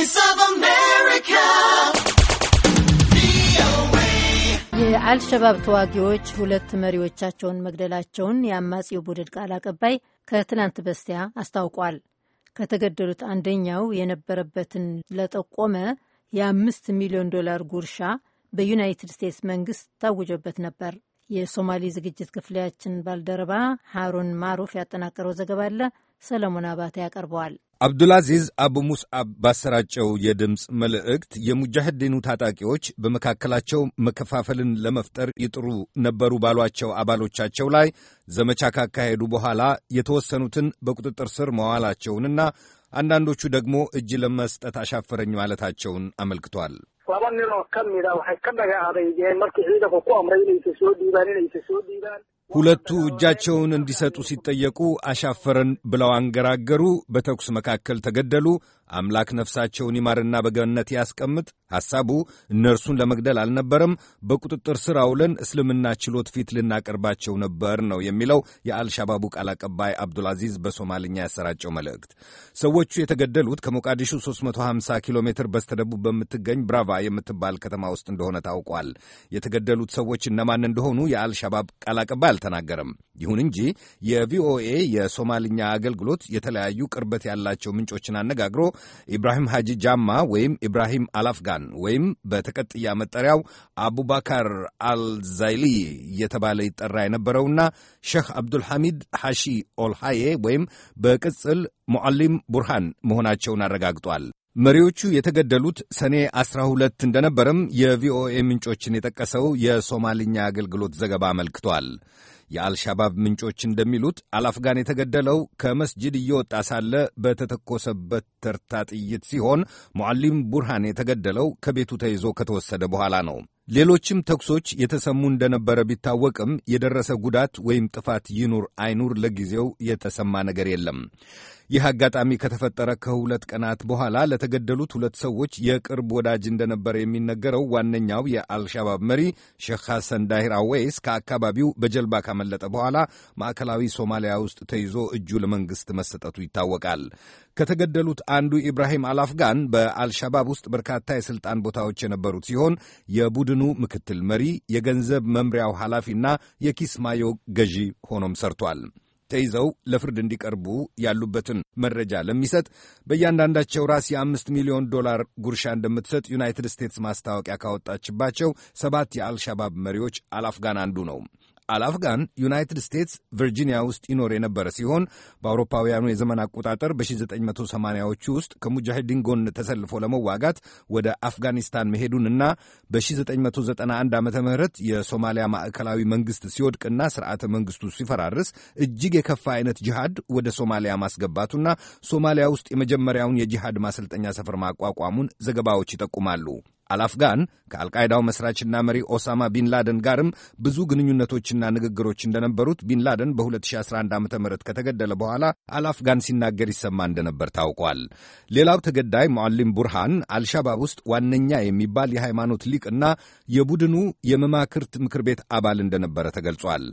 Voice of America. የአልሸባብ ተዋጊዎች ሁለት መሪዎቻቸውን መግደላቸውን የአማጺው ቡድን ቃል አቀባይ ከትናንት በስቲያ አስታውቋል። ከተገደሉት አንደኛው የነበረበትን ለጠቆመ የአምስት ሚሊዮን ዶላር ጉርሻ በዩናይትድ ስቴትስ መንግስት ታውጆበት ነበር። የሶማሊ ዝግጅት ክፍላችን ባልደረባ ሃሩን ማሩፍ ያጠናቀረው ዘገባ አለ። ሰለሞን አባተ ያቀርበዋል። አብዱልአዚዝ አቡ ሙስአብ ባሰራጨው የድምፅ መልእክት የሙጃሂዲኑ ታጣቂዎች በመካከላቸው መከፋፈልን ለመፍጠር ይጥሩ ነበሩ ባሏቸው አባሎቻቸው ላይ ዘመቻ ካካሄዱ በኋላ የተወሰኑትን በቁጥጥር ስር መዋላቸውንና አንዳንዶቹ ደግሞ እጅ ለመስጠት አሻፈረኝ ማለታቸውን አመልክቷል። ሁለቱ እጃቸውን እንዲሰጡ ሲጠየቁ አሻፈረን ብለው አንገራገሩ፣ በተኩስ መካከል ተገደሉ፣ አምላክ ነፍሳቸውን ይማርና በገነት ያስቀምጥ። ሐሳቡ እነርሱን ለመግደል አልነበረም። በቁጥጥር ስር አውለን እስልምና ችሎት ፊት ልናቀርባቸው ነበር ነው የሚለው የአልሻባቡ ቃል አቀባይ አብዱልአዚዝ በሶማልኛ ያሰራጨው መልእክት። ሰዎቹ የተገደሉት ከሞቃዲሹ 350 ኪሎ ሜትር በስተደቡብ በምትገኝ ብራቫ የምትባል ከተማ ውስጥ እንደሆነ ታውቋል። የተገደሉት ሰዎች እነማን እንደሆኑ የአልሻባብ ቃል አቀባይ አልተናገረም። ይሁን እንጂ የቪኦኤ የሶማልኛ አገልግሎት የተለያዩ ቅርበት ያላቸው ምንጮችን አነጋግሮ ኢብራሂም ሐጂ ጃማ ወይም ኢብራሂም አላፍጋን ወይም በተቀጥያ መጠሪያው አቡባካር አልዛይሊ እየተባለ ይጠራ የነበረውና ሼህ አብዱልሐሚድ ሐሺ ኦልሃዬ ወይም በቅጽል ሙዓሊም ቡርሃን መሆናቸውን አረጋግጧል። መሪዎቹ የተገደሉት ሰኔ 12 እንደነበረም የቪኦኤ ምንጮችን የጠቀሰው የሶማልኛ አገልግሎት ዘገባ አመልክቷል። የአልሻባብ ምንጮች እንደሚሉት አልአፍጋን የተገደለው ከመስጅድ እየወጣ ሳለ በተተኮሰበት ተርታ ጥይት ሲሆን ሙዓሊም ቡርሃን የተገደለው ከቤቱ ተይዞ ከተወሰደ በኋላ ነው። ሌሎችም ተኩሶች የተሰሙ እንደነበረ ቢታወቅም የደረሰ ጉዳት ወይም ጥፋት ይኑር አይኑር ለጊዜው የተሰማ ነገር የለም። ይህ አጋጣሚ ከተፈጠረ ከሁለት ቀናት በኋላ ለተገደሉት ሁለት ሰዎች የቅርብ ወዳጅ እንደነበረ የሚነገረው ዋነኛው የአልሻባብ መሪ ሼክ ሐሰን ዳሂር አዌይስ ከአካባቢው በጀልባ ካመለጠ በኋላ ማዕከላዊ ሶማሊያ ውስጥ ተይዞ እጁ ለመንግስት መሰጠቱ ይታወቃል። ከተገደሉት አንዱ ኢብራሂም አላፍጋን በአልሻባብ ውስጥ በርካታ የሥልጣን ቦታዎች የነበሩት ሲሆን የቡድኑ ምክትል መሪ፣ የገንዘብ መምሪያው ኃላፊና የኪስማዮ ገዢ ሆኖም ሰርቷል። ተይዘው ለፍርድ እንዲቀርቡ ያሉበትን መረጃ ለሚሰጥ በእያንዳንዳቸው ራስ የአምስት ሚሊዮን ዶላር ጉርሻ እንደምትሰጥ ዩናይትድ ስቴትስ ማስታወቂያ ካወጣችባቸው ሰባት የአልሻባብ መሪዎች አላፍጋን አንዱ ነው። አልአፍጋን ዩናይትድ ስቴትስ ቨርጂኒያ ውስጥ ይኖር የነበረ ሲሆን በአውሮፓውያኑ የዘመን አቆጣጠር በ1980ዎቹ ውስጥ ከሙጃሂዲን ጎን ተሰልፎ ለመዋጋት ወደ አፍጋኒስታን መሄዱንና በ1991 ዓ ም የሶማሊያ ማዕከላዊ መንግስት ሲወድቅና ስርዓተ መንግስቱ ሲፈራርስ እጅግ የከፋ አይነት ጅሃድ ወደ ሶማሊያ ማስገባቱና ሶማሊያ ውስጥ የመጀመሪያውን የጂሃድ ማሰልጠኛ ሰፈር ማቋቋሙን ዘገባዎች ይጠቁማሉ። አልአፍጋን ከአልቃይዳው መስራችና መሪ ኦሳማ ቢንላደን ጋርም ብዙ ግንኙነቶችና ንግግሮች እንደነበሩት ቢንላደን በ2011 ዓ ም ከተገደለ በኋላ አልአፍጋን ሲናገር ይሰማ እንደነበር ታውቋል። ሌላው ተገዳይ ሙዓሊም ቡርሃን አልሻባብ ውስጥ ዋነኛ የሚባል የሃይማኖት ሊቅና የቡድኑ የመማክርት ምክር ቤት አባል እንደነበረ ተገልጿል።